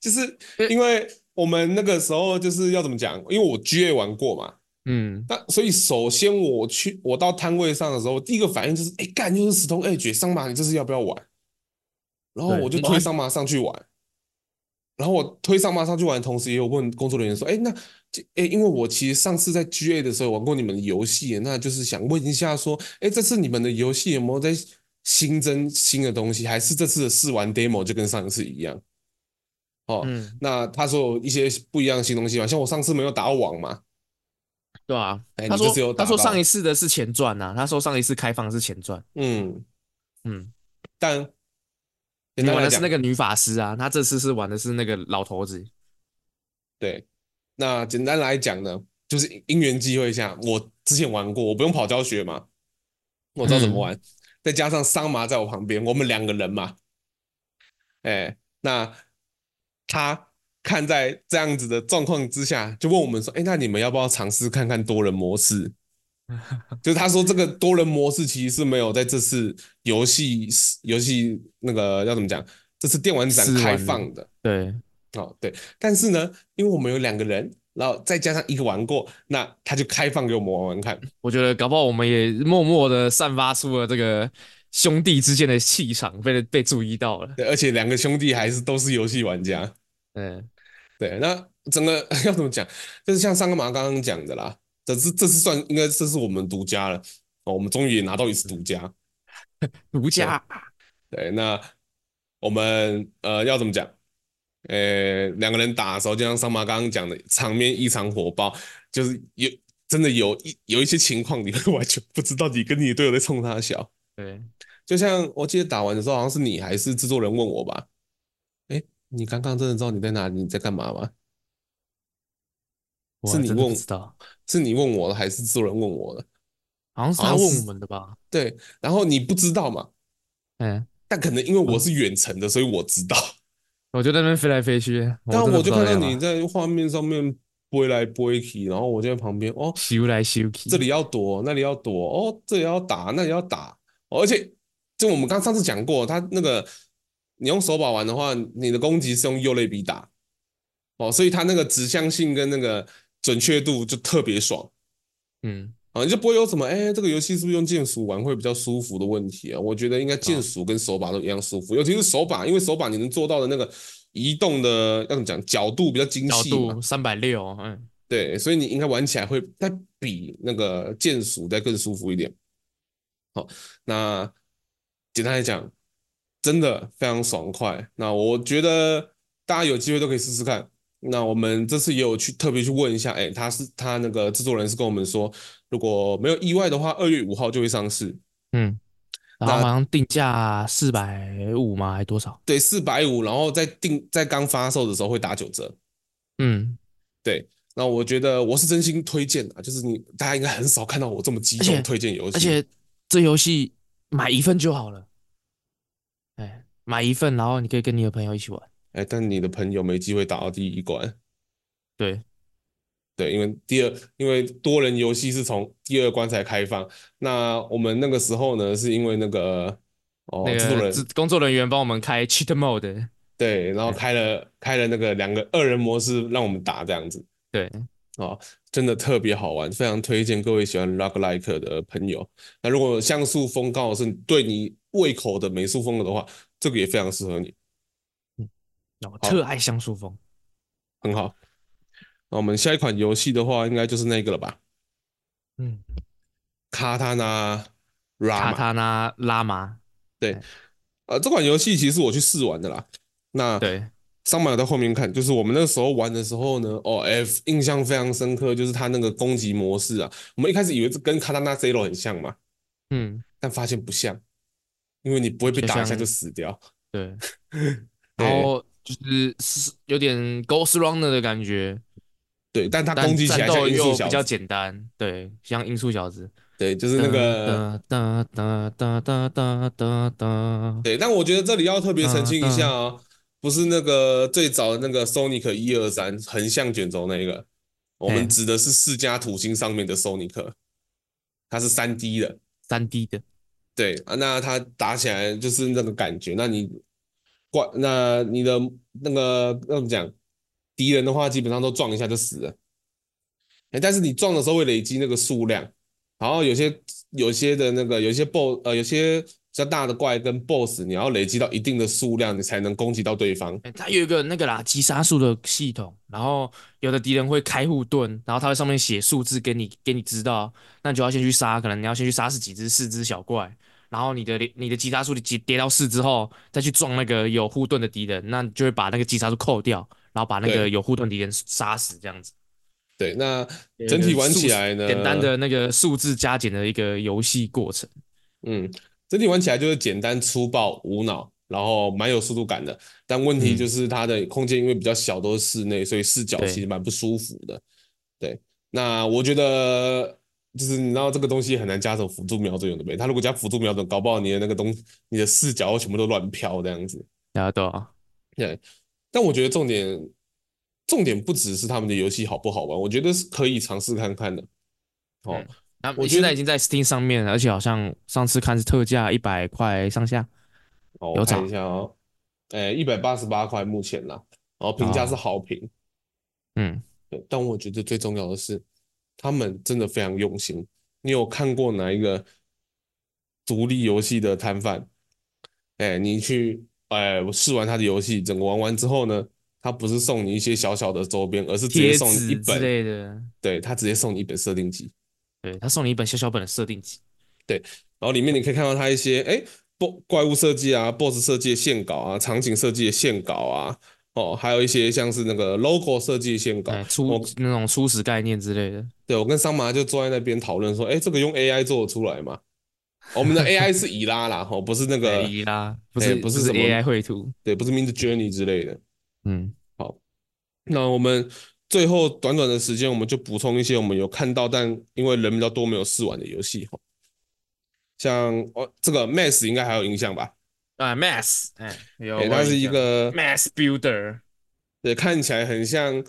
A: 就是因為我們那個時候就是要怎麼講，因為我 G A 玩過嘛，嗯，那所以首先我去我到攤位上的時候，第一個反應就是，哎幹就是石通 A 絕桑麻，你這是要不要玩？然後我就推桑麻上去玩。然後我推桑麻上去玩，同時也有問工作人員說：“哎，那哎，因為我其實上次在 GA 的時候玩過你們的遊戲，那就是想問一下說，說哎，這次你們的遊戲有沒有在新增新的東西，還是這次的試玩 demo 就跟上一次一樣？”哦，嗯，那他說有一些不一樣的新東西嘛，像我上次沒有打網嘛，對啊，哎誒，他說有，他說上一
B: 次的是前傳吶，啊，他說上一次開放是前傳，嗯嗯，嗯嗯但。原來是那個
A: 女法師啊，她這次是玩的是那個老頭子。對，那簡單來講呢，就是因緣際會下，我之前玩過，我不用跑教學嘛，我知道怎麼玩。嗯、再加上桑麻在我旁邊，我們兩個人嘛，哎、欸，那他看在這樣子的狀況之下，就問我們說：“哎、欸，那你們要不要嘗試看看多人模式？” 就是他說這個多人模式其實是沒有在這次遊戲遊戲那個要怎麼講，這次電玩展開放的，的對，哦，對，但是呢，因為我們有兩個人，然後再加上一個玩過，那他就開放給我們玩玩看。我
B: 覺得搞不好我們也默默的散發出了這個兄弟之間的氣場，
A: 被被注意到了。對，而且兩個兄弟還是都是遊戲玩家。嗯，對，那整個 要怎麼講，就是像桑麻剛剛講的啦。這是這是算應該這是我們獨家了，哦，我們終於也拿到一次獨家， 獨家。對，那我們呃要怎麼講？呃，兩個人打的時候，就像桑麻剛剛講的，場面異常火爆，就是有真的有一有一些情況，你會完全不知道你跟你隊友在衝他笑。
B: 對，
A: 就像我記得打完的時候，好像是你還是製作人問我吧？誒，你剛剛真的知道你在哪裡，你在幹嘛嗎？哇是你問的，是你問我的還是製作人問我的？好
B: 像是他問我們的吧、啊？
A: 對，然後你不知道嘛？嗯、欸，但可能因為我是遠程的，嗯、所以我知道。
B: 我就在那邊飛來飛去，我有有
A: 但我就看到你在畫面上面撥來撥去，然後我就在旁邊哦，咻來咻去，這裡要躲，那裡要躲哦，這裡要打，那裡要打。哦、而且就我們剛上次講過，他那個你用手把玩的話，你的攻擊是用右類比打哦，所以他那個指向性跟那個。準確度就特別爽嗯，嗯啊，就不會有什麼哎、欸，這個遊戲是不是用鍵鼠玩會比較舒服的問題啊？我覺得應該鍵鼠跟手把都一樣舒服，尤其是手把，因為手把你能做到的那個移動的，要怎麼講，角度比較精細，角度三百六，嗯，對，所以你應該玩起來會它比那個鍵鼠再更舒服一點。好，那簡單來講，真的非常爽快。那我覺得大家有機會都可以試試看。那我們這次也有去特別去問一下，哎、欸，他是他那個制作人是跟我們說，如果沒有意外的話，二月五號就會上市，嗯，然後馬
B: 上定價四百五嗎，那還多少？
A: 對，四百五，然後在定在剛发售的時候會打九折，嗯，對。那我覺得我是真心推薦的，就是你大家應該很少看到我這麼激動推薦遊戲，而且
B: 這遊戲買一份就好了，哎，買一份，然後你可以跟你的朋友一起玩。
A: 哎，但你的朋友沒機會打到第一關，對，對，因為第二，因為多人遊戲是從第二關才開放。那我們那個時候呢，是因為那個哦，那工作人員幫我們開 cheat mode，對，然後開了、嗯、開了那個兩個二人模式讓我們打這樣子，對，哦，真的特別好玩，非常推薦各位喜歡 roguelike 的朋友。那如果像素風剛好是對你胃口的美術風格的話，這個也非常適合你。我、oh, 特
B: 愛像素風，
A: 哦，很好。那我們下一款遊戲的話，應該就是那個了吧？嗯，卡塔納拉，卡塔納拉瑪。對，欸、呃，這款遊戲其實是我去試玩的啦。那對，桑麻有在後面看，就是我們那個時候玩的時候呢，哦，f、欸、印象非常深刻，就是它那個攻擊模式啊。我們一開始以為是跟卡塔納 Zero 很像嘛，嗯，但發現不像，因為你不會被打一下就
B: 死掉。
A: 對，
B: 然後。 就是是有點 Ghost Runner 的，的感覺，對，但他攻擊起來音速小子又比較簡單，對，像音速小
A: 子，對，就是那個。
B: 對，
A: 但我覺得這裡要特別澄清一下啊、喔，不是那個最早的那個 Sonic 一二三橫向卷軸那個，我們指的是四加土星上面的 Sonic，它是 3D 的，3D 的，對啊，那它打起來就是那個感覺，那你。那你的那個那麼講？敵人的話基本上都撞一下就死了，哎、欸，但是你撞的時候會累積那個數量，然後有些有些的那個有些 boss，呃，有些比較大的怪跟 boss，你要累積到一定的數量，你才能攻擊到對方。它、欸、有一個那個
B: 啦，擊殺數的系統，然後有的敵人會開護盾，然後它會上面寫數字給你給你知道，那你就要先去殺，可能你要先去殺死幾隻四隻小怪。然後你的你的擊殺數跌跌到四之後，再去撞那個有護盾的敵人，那就會把那個擊殺數扣掉，然後把那個有護盾的敵人殺死，這樣子。
A: 對，那整體玩起來呢，簡單的那個數字加減的一個遊戲過程。嗯，整體玩起來就是簡單粗暴無腦，然後蠻有速度感的。但問題就是它的空間因為比較小，都是室內，所以視角其實蠻不舒服的。對，對，那我覺得。就是你知道這個東西很難加什麼輔助瞄準有沒有，他如果加輔助瞄準，搞不好你的那個東西，你的視角全部都亂飄這樣子。
B: 啊，對啊、哦，對。
A: 但我覺得重點重點不只是他們的遊戲好不好玩，我覺得是可以嘗試看看的。哦，那、嗯啊、我現在已經
B: 在 Steam 上面了，而且好像上次看是特價一百塊上下。哦，我講一下
A: 哦。呃、嗯，一百八十八塊目前啦，然後評價是好評、哦。嗯，對。但我覺得最重要的是。他們真的非常用心。你有看過哪一個獨立遊戲的攤販？哎、欸，你去哎試玩他的遊戲，整個玩完之後呢，他不是送你一些小小的周邊，而是直接送你一本。貼紙之類的。對，他直接送你一本設定集。對，他送你一本小小本的設定集。對，然後裡面你可以看到他一些哎、欸、BOSS 怪物設計啊、BOSS 設計的線稿啊、場景設計的線稿啊。哦，還有一些像是那個 logo 設計線稿，初、哦、那種初始概念之類的。對，我跟桑麻就坐在那邊討論說，哎、欸，這個用 AI 做得出來嗎、？ 哦？我們的 AI 是伊拉啦，吼、哦，不是那個伊拉，不是、欸、不是什麼是 AI 繪圖。對，不是 Midjourney 之類的。嗯，好，那我們最後短短的時間，我們就補充一些我們有看到但因為人比較多沒有試玩的遊戲，哈、哦，像哦，這個 Mass 應該還有印象吧？啊、uh,，Mass，哎、欸，有，它、欸、是一個 Mass Builder，對，看起來很像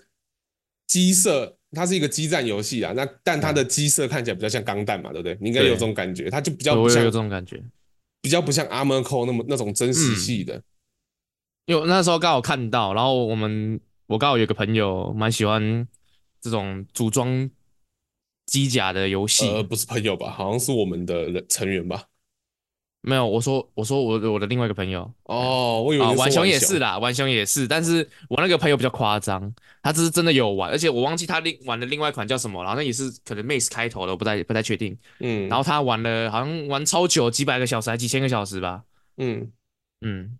A: 機設，它是一個機戰遊戲啊。那但它的機設看起來比較像鋼彈嘛，對不對？你應該有這種感覺，對它就比較不像有，有這種感覺，比較不像 Armor Core 那麼那種真實系的。
B: 嗯、因為那時候剛好看到，然後我們我剛好有一個朋友蠻喜歡這種組裝機甲的遊戲，呃，不是朋友吧？好像是我們的成員吧。沒有，我說我說我我的另外一個朋友哦，oh, 我以為是玩笑啊，玩熊也是啦，玩熊也是，但是我那個朋友比較誇張，他只是真的有玩，而且我忘記他另玩的另外一款叫什麼，然後那也是可能 Maze 開頭的，我不太不太確定。嗯，然後他玩了好像玩超久，幾百個小時，還幾千個小時吧。嗯嗯，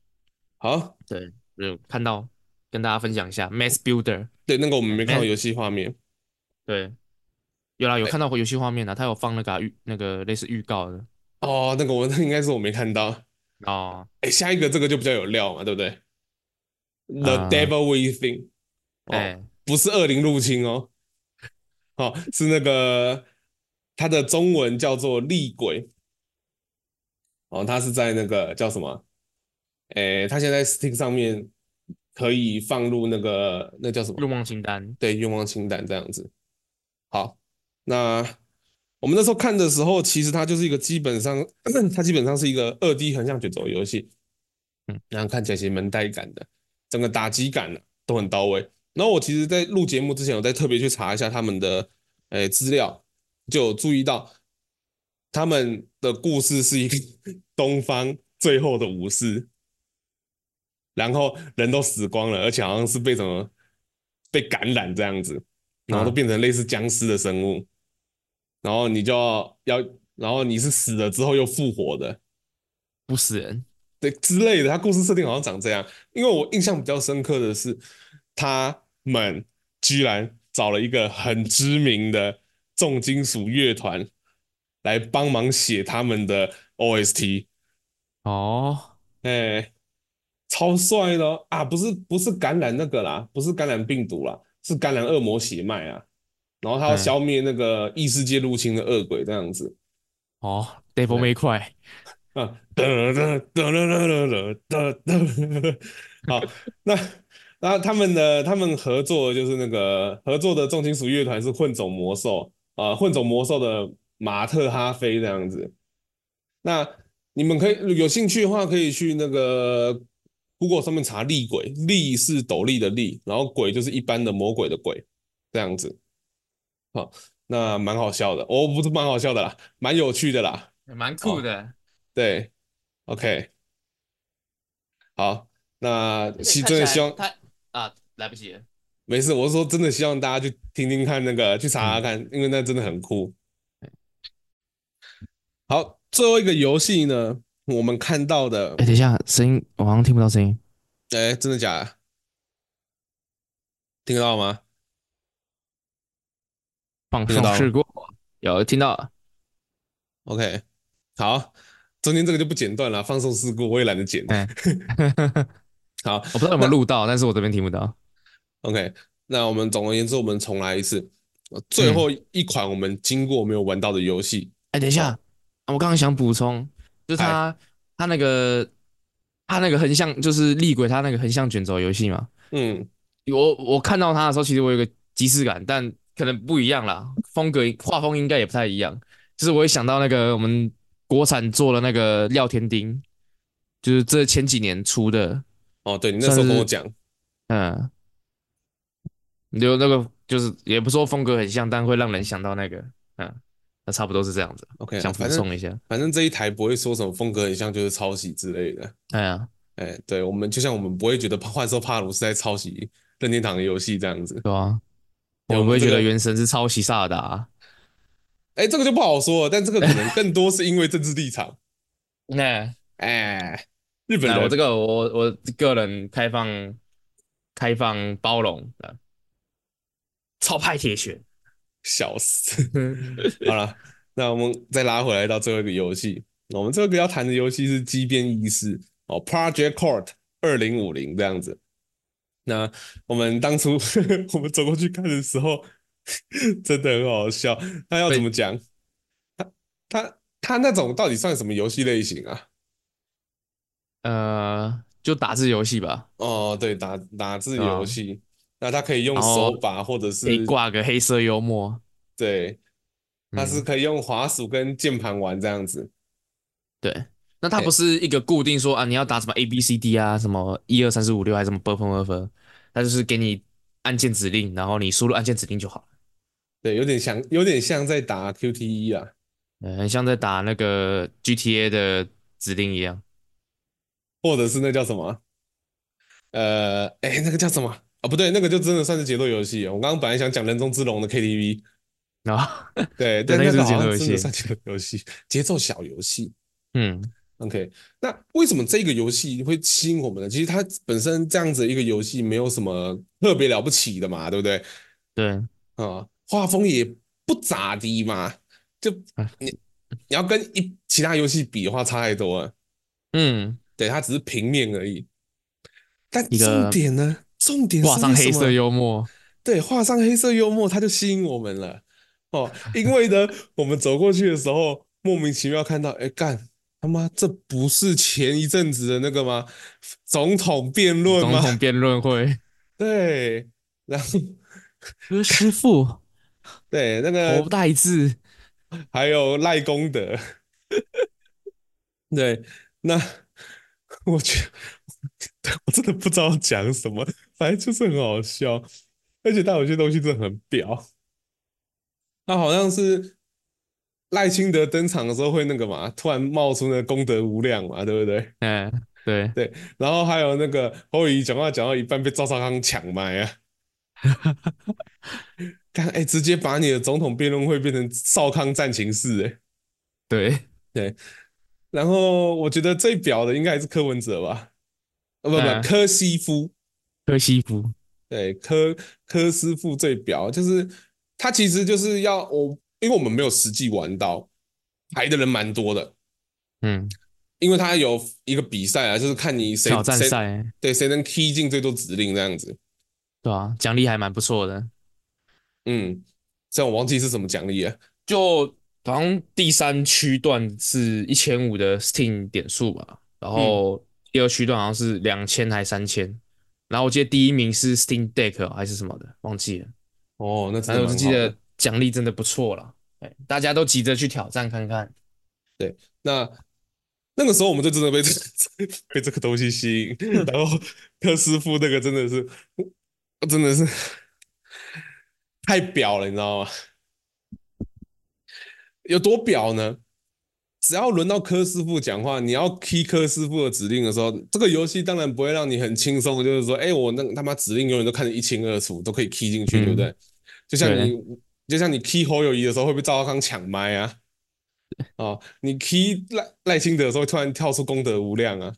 B: 好、嗯，Huh? 對，有看到跟大家分享一下 Maze Builder，對，那個我們沒看到遊戲畫面、欸，對，有啦，有看到遊戲畫面啦，他、欸、有放那個、啊、
A: 預那個類似預告的。哦，那個我那應該是我沒看到哦。哎、oh, 欸，下一個這個就比較有料嘛，對不對？The Devil w e t h i n 哦，欸、不是惡靈入侵哦，哦，是那個它的中文叫做厲鬼。哦，它是在那個叫什麼？哎，它現在 Stick 上面可以放入那個那叫什麼願望清單？對，願望清單這樣子。好，那。我們那時候看的時候，其實它就是一個基本上，呃、它基本上是一個二 D 橫向卷軸遊戲，然後看起來其實蠻帶感的，整個打擊感呢、啊、都很到位。然後我其實，在錄節目之前，我在特別去查一下他們的誒資料，就注意到他們的故事是一個東方最後的武士，然後人都死光了，而且好像是被什麼被感染這樣子，然後都變成類似僵屍的生物。嗯啊然後你就要要，然後你是死了之後又復活的，不死人對之類的。他故事設定好像長這樣，因為我印象比較深刻的是，他們居然找了一個很知名的重金屬樂團來幫忙寫他們的 OST。哦，哎、欸，超帥的啊！不是不是感染那個啦，不是感染病毒啦，是感染惡魔血脈啊。然後他要消滅那個異世界入侵的惡鬼，這樣子，嗯。哦，Devil May Cry，啊，得得得得得得得得。好，那那他們的他們合作就是那個合作的重金屬樂團是混種魔獸啊，呃，混種魔獸的馬特哈菲這樣子。那你們可以有興趣的話，可以去那個 Google 上面查厲鬼，厲是斗笠的厲，然後鬼就是一般的魔鬼的鬼，這樣子。哦，那蠻好笑的，哦，不是蠻好笑的啦，蠻有趣的啦，
B: 蠻酷的。
A: 對，OK，好，那真的希望
B: 他啊，來不及，
A: 沒事，我是說真的希望大家去聽聽看那個，去查查看，嗯，因為那真的很酷。好，最後一個遊戲呢，我們看到的，哎，
B: 等一下，聲音，我好像聽不到聲
A: 音，哎，真的假的？聽得到嗎？放送事故有聽到了？OK，好，中間這個就不剪斷了。放送事故我也懶得剪。 好，我不知道有沒有
B: 錄到，那但是我這邊聽不到。
A: OK，那我們總而言之，我們重來一次。嗯、最後一款我們經過沒有玩到的遊戲。
B: 哎、欸，等一下，哦、我剛剛想補充，就是他他
A: 那個他
B: 那個橫向，就是厲鬼他那個橫向捲軸遊戲嘛。嗯，我我看到他的時候，其實我有個即視感，但。可能不一樣啦，風格畫風應該也不太一樣。就是我會想到那個我們國產做的那個《廖添丁》，就是這前幾年出的。
A: 哦，對是你那時候跟我講，
B: 嗯，你就那個就是也不說風格很像，但會讓人想到那個，嗯，那差不多是這樣
A: 子。OK，想反送一下、啊反，反正這一台不會說什麼風格很像就是抄襲之類的。哎呀，哎，對我們就像我們不會覺得《幻獸帕魯》是在抄襲《任天堂》的遊戲這樣子。對啊。我不會覺得《原神》是抄襲《薩達》啊。哎，這個就不好說了，但這個可能更多是因為政治立場。那哎、 欸，日本人，我這個
B: 我我個人開放、開放包容的，
A: 超派鐵拳，笑死！ 好了，那我們再拉回來到最後一個遊戲。我們這個要談的遊戲是《機變意識》哦，《Project Court 二零五零》這樣子。那我們當初 我們走過去看的時候， 真的很好笑。那要怎麼講？他他他那種到底算什麼遊戲類型啊？呃，就打字遊戲吧。哦，對，打打字遊戲。嗯、那他可以用手把，或者是你掛個黑色幽默。對，他是可以用滑鼠跟鍵盤玩這樣子。嗯、
B: 對。那
A: 它不是一個固定說啊，你要打什麼 A B
B: C D 啊，什麼一二三四五六還是什麼波峰 e r 它就是給你按鍵指令，然後你輸入按鍵指令就好了。
A: 對，有點像，有點像在打 Q T E 啊，嗯、
B: 呃，很像在打那個 G T A 的指令一樣，或者是
A: 那叫什麼？呃，哎、欸，那個叫什麼啊？哦、不對，那個就真的算是節奏遊戲。我剛剛本來想講人中之龍的 K T V，啊，哦、 對， 對對那個是節奏遊戲，節奏小遊戲，嗯。OK，那為什麼這個遊戲會吸引我們呢？其實它本身這樣子一個遊戲沒有什麼特別了不起的嘛，對不對？對啊，哦、畫風也不咋的嘛，就你你要跟一其他遊戲比的話差太多了。嗯，對，它只是平面而已。但重點呢，重點畫上黑色幽默，對，畫上黑色幽默，它就吸引我們了。哦，因為呢， 我們走過去的時候，莫名其妙看到，哎、欸、幹。他媽，這不是前一陣子的那個嗎？總統辯論嗎？總統
B: 辯論會。
A: 對，然後是師傅，對那個侯代字，還有賴功德。 對，那我覺得，我真的不知道講什麼，反正就是很好笑，而且他有些東西真的很屌。他好像是。賴清德登場的時候會那個嘛，突然冒出那功德無量嘛，對不對？嗯，對對。然後還有那個侯友宜講話講到一半被趙少康搶麥啊，哈哈。幹，哎， 直接把你的總統辯論會變成少康戰情室，哎對，對對。然後我覺得最屌的應該還是柯文哲吧，啊、嗯哦，不不，柯西夫，柯西夫，對，柯柯師傅最屌，就是他其實就是要我。哦因為我們沒有實際玩到，排的人蠻多的，
B: 嗯，
A: 因為他有一個比賽啊，就是看你誰挑戰賽，對誰能 key 進最多指令這樣子，
B: 對啊，獎勵還蠻不錯的，嗯，雖然我忘記是什麼獎勵了，就好像第三區段是一千五的 Steam 點數吧，然後第二區段好像是兩千還三千，嗯，然後我記得第一名是 Steam Deck，喔，還是什麼的，忘記了，哦，那反正我是記得。獎勵真的不錯了，哎，大家
A: 都急着去挑戰看看。對，那那個時候我們就真的被這 被這個東西吸引，然後 柯師傅那個真的是真的是太婊了，你知道嗎？有多婊呢？只要輪到柯師傅講話，你要 key 柯師傅的指令的時候，這個遊戲當然不會讓你很輕鬆，就是說，哎、欸，我那他媽指令永遠都看得一清二楚，都可以 key 進去，嗯、對不對？就像你。就像你 key 侯友宜的時候會被趙少康搶麥啊，哦， oh, 你 key 賴賴清德的時候會突然跳出功德無量啊，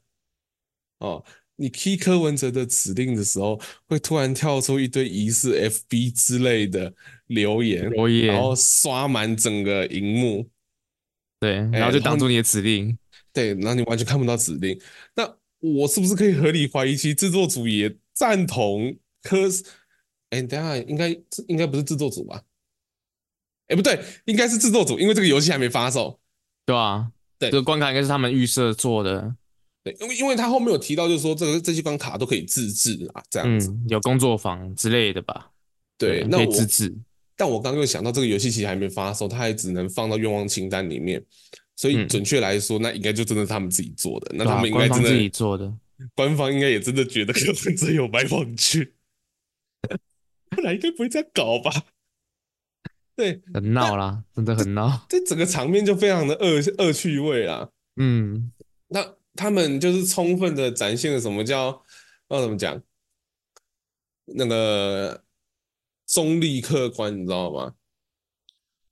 A: 哦、oh,，你 key 柯文哲的指令的時候會突然跳出一堆疑似 FB 之類的留言，也然後刷滿整個熒幕，對，誒然後就擋住你的指令，對，然後你完全看不到指令。那我是不是可以合理懷疑其製作組也贊同柯？哎，等下應該應該不是製作組吧？哎，欸、不對，應該是製作組，因為這個遊戲還沒發售，對吧、啊？對，這個關卡應該是他們預設做的。對，因因為他後面有提到，就是說這個這些關卡都可以自製啊，這樣子。嗯、有工作坊之類的吧？對，對那我可以自製。但我剛剛又想到，這個遊戲其實還沒發售，它還只能放到願望清單裡面，所以準確來說，嗯、那應該就真的是他們自己做的。那他們應該真的、啊、自己做的。官方應該也真的覺得可能只有賣房去。不然應該不會這樣搞吧？對，很鬧啦，真的很鬧這。這整個場面就非常的惡惡趣味啊。嗯，那他們就是充分的展現了什麼叫……要怎麼講？那個中立客觀，你知道嗎？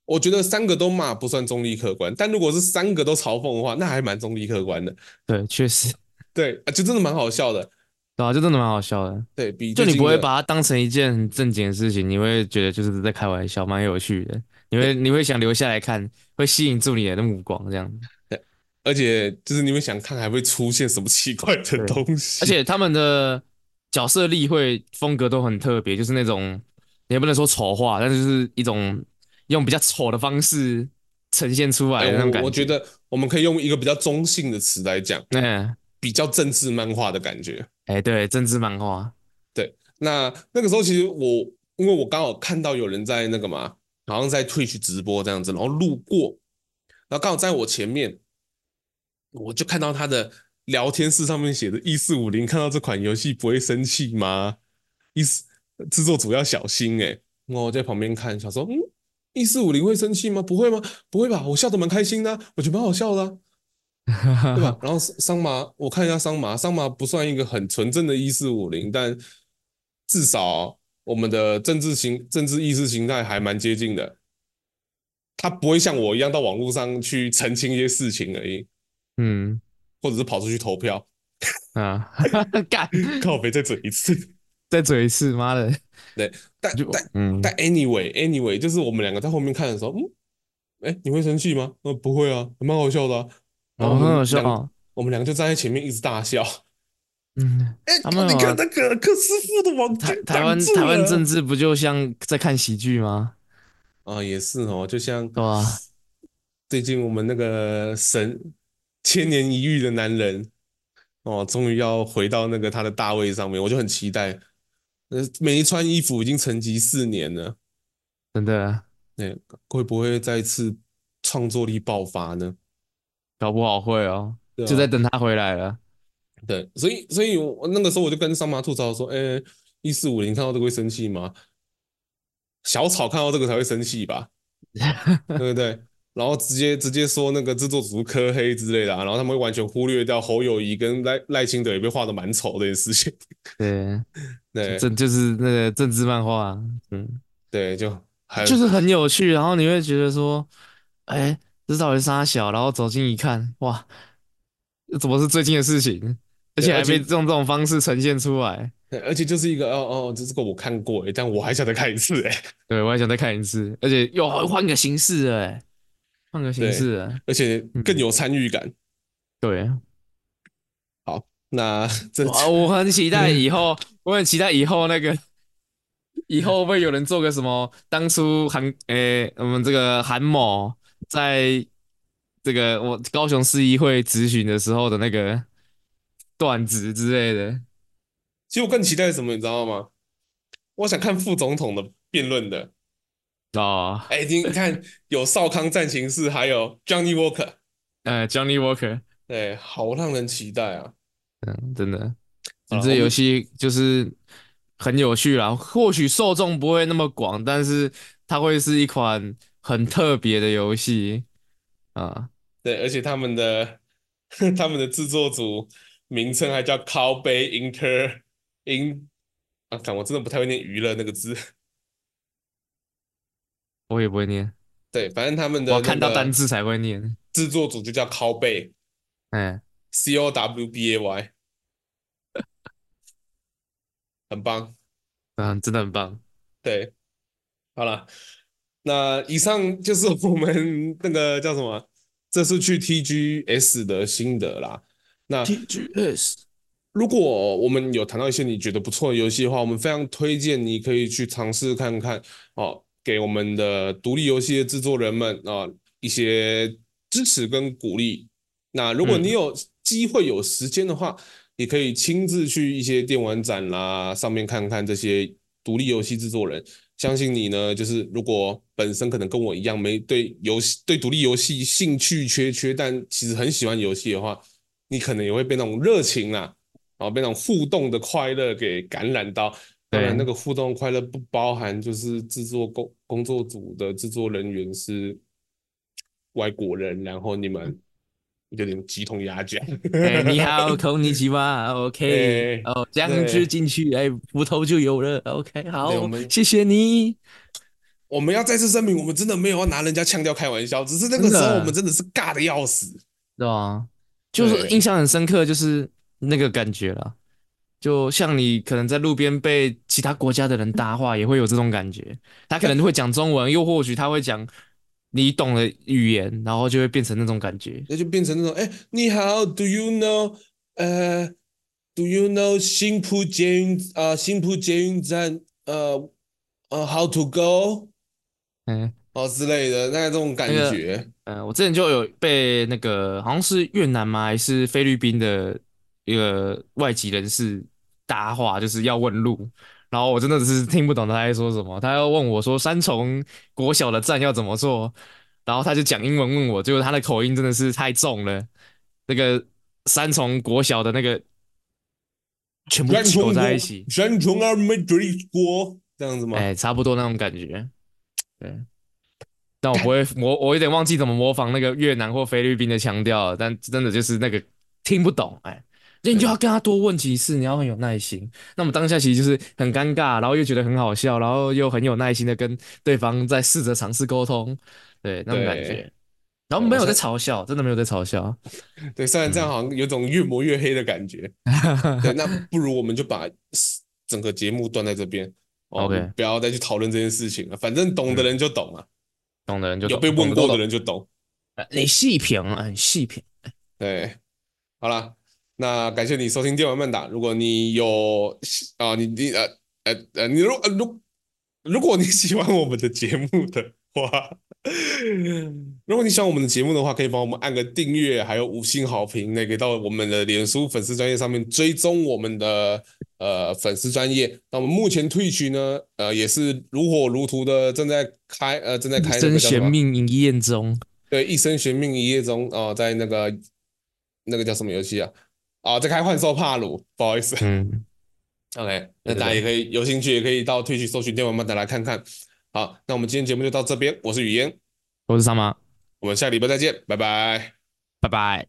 A: 我覺得三個都罵不算中立客觀，但如果是三個都嘲諷的話，那還蠻中立客觀的。對，確實，對啊，就真的蠻好笑的。對啊，就真的蠻好笑的。對比對，就你不會把
B: 它當成一件正經的事情，你會覺得就是在開玩笑，蠻有趣的。你會、欸、你會想留下來看，會吸引住你的目光，這樣。對。而且就是你會想看，還會出現什麼奇怪的東西。而且他們的角色立會風格都很特別，就是那種你也不能說醜化，但是就是一種用比較醜的方式呈現出來的那種感覺、欸我。我覺
A: 得我們可以用一個比較中性的詞來講。對比較政治漫畫的感覺，
B: 哎，對，政治漫畫，
A: 對。那那個時候，其實我因為我剛好看到有人在那個嘛，好像在 Twitch 直播這樣子，然後路過，然後剛好在我前面，我就看到他的聊天室上面寫的“一四五零”，看到這款遊戲不會生氣嗎？一四制作組要小心哎、欸！我在旁邊看，想說，嗯，一四五零會生氣嗎？不會嗎？不會吧？我笑的蠻開心的、啊，我覺得蠻好笑的、啊。 對吧？然後桑麻，我看一下桑麻，桑麻不算一個很純正的“一四五零”，但至少我們的政治形、政治意識形態還蠻接近的。他不會像我一樣到網絡上去澄清一些事情而已，嗯，或者是跑出去投票， 啊，幹，靠北再嘴一次，再嘴一次，媽的，對，但，但就、嗯、但但 any anyway，anyway，就是我們兩個在後面看的時候，嗯，哎，你會生氣嗎？那、嗯、不會啊，蠻好笑的啊。
B: 哦，很好笑！
A: 我們兩個、哦、個就站在前面一直大笑。嗯，哎、欸，他們你看那個克斯夫的王台，台灣台灣政治不就像在看喜劇嗎？啊、哦，也是哦，就像對吧？最近我們那個神千年一遇的男人哦，終於要回到那個他的大位上面，我就很期待。呃，每一穿衣服已經沉寂四年了，真的？那、欸、會不會再次創作力爆發呢？搞不好會哦，啊、就在等他回來了。對，所以，所以我那個時候我就跟桑麻吐槽說：“哎、欸，一四五零看到這個會生氣嗎？小草看到這個才會生氣吧？ 對不對？”然後直接直接說那個製作組柯黑之類的、啊，然後他們會完全忽略掉侯友宜跟賴賴清德也被畫得蠻醜這件事情。 對，
B: 對，政就，就是那個政治漫畫，嗯，
A: 對，就就是
B: 很有趣，然後你會覺得說，哎、欸。這到底是啥小？然後走近一看，哇，怎麼是最近的事情？欸、而且而且還沒用這這種方式呈現出
A: 來，欸、而且就是一個哦哦，這是個我看過，但我還想再看一次，哎，對我還想再看一次，而且又換個形式，哎，
B: 換個形式，
A: 而且更有參與感，嗯、對好，那這我很期待以後，
B: 我很期待以後那個以後會有人做個什麼？當初韓，哎、欸，我們這個韓某。在這個我高雄市議會質詢的時候的那個段子之
A: 類的，其實我更期待什麼，你知道嗎？我想看副總統的辯論的。啊，哎，你看有少康戰情室，還有 Johnny Walker、呃、
B: Johnny Walker，j o h n n y Walker，
A: 對，好讓人期待啊。嗯，
B: 真的，啊、這遊戲就是很有趣啦。或許受眾不會那麼
A: 廣，但是它會是一款。很特別的遊戲啊，對，而且他們的他們的製作組名稱還叫 Cow Bay Inter，啊，In 我真的不太會念娛樂那個字，
B: 我也不會念。
A: 對，反正他們的我看到單字才會念。製作組就叫 Cow Bay、欸、c o w b a y 哎，C O W B A Y，很棒，
B: 嗯、啊，真的很棒。
A: 對，好了。那以上就是我們那個叫什麼，這是去 TGS 的心得啦。那 TGS，如果我們有談到一些你覺得不錯的遊戲的話，我們非常推薦你可以去嘗試看看哦，給我們的獨立遊戲的制作人們啊、哦、一些支持跟鼓勵。那如果你有機會有時間的話，你可以親自去一些電玩展啦，上面看看這些獨立遊戲制作人。相信你呢，就是如果本身可能跟我一樣沒對遊戲，對獨立遊戲興趣缺缺，但其實很喜歡遊戲的話，你可能也會被那種熱情啊，然後被那種互動的快樂給感染到。當然，那個互動快樂不包含就是製作工工作組的製作人員是外國人，然後你們。有點雞同鴨講。你好
B: ，Konnichiwa，OK，哦，對，這樣子進
A: 去，哎對，斧、欸、頭就有了，OK，好，謝謝你。我們要再次聲明，我們真的沒有要拿人家腔調開玩笑，只是那個時候我們真的是尬的要死，是
B: 吧？啊？就是印象很深刻，就是那個感覺了。對對對，就像你可能在路邊被其他國家的人搭話，也會有這種感覺。他可能會講中文， 又或許他會講。你懂的語言，然後就會變成那種感覺，那
A: 就變成那種哎、欸，你好，Do you know？呃、uh,，Do you know 新埔捷運啊？Uh, 新埔捷運站？呃，呃，How to go？嗯，哦之類的那個、種感覺。呃、嗯，我之前就有
B: 被那個好像是越南嗎還是菲律賓的一個外籍人士搭話，就是要問路。然後我真的是聽不懂他在說什麼，他要問我說三重國小的站要怎麼做，然後他就講英文問我，結果他的口音真的是太重了，那個三重國小的那個全部都在一起，三重二美國，阿國這樣子嗎？哎，差不多那種感覺，對，但我不會模，我有點忘記怎麼模仿那個越南或菲律賓的腔調，但真的就是那個聽不懂，哎。所以你就要跟他多問幾次，吧你要很有耐心。那麼當下其實就是很尷尬，然後又覺得很好笑，然後又很有耐心的跟對方在試着嘗試溝通，對那種感覺。對然後沒有在嘲
A: 笑，算真的沒有在嘲笑。對，雖然這樣好像有種越磨越黑的感覺，嗯對。那不如我們就把整個節目斷在這邊，OK， 不要再去討論這件事情了。反正懂的人就懂了，啊，懂的人就懂，有被問過的人就懂。你細
B: 品啊，你細品。
A: 對，好了。那感謝你收聽電玩慢打，如果你有啊，你你呃呃呃，你如如、呃、如果你喜歡我們的節目的話，如果你喜歡我們的節目, 目的話，可以幫我們按個訂閱，還有五星好評。那個到我們的臉書粉絲專頁上面追蹤我們的呃粉絲專頁。那我們目前 Twitch 呢，呃也是如火如荼的正在開呃正在開。一生懸
B: 命一夜中。
A: 對，一生懸命一夜中啊，在那個那個叫什麼遊戲、呃那個那個、啊？哦，在開幻獸帕魯，不好意思。嗯 ，OK，那大家也可以的有興趣，也可以到 Twitch 搜尋電玩貓，大家看看。好，那我們今天節目就到這邊。我是雨煙，我是桑麻，我們下禮拜再見，拜拜，拜拜。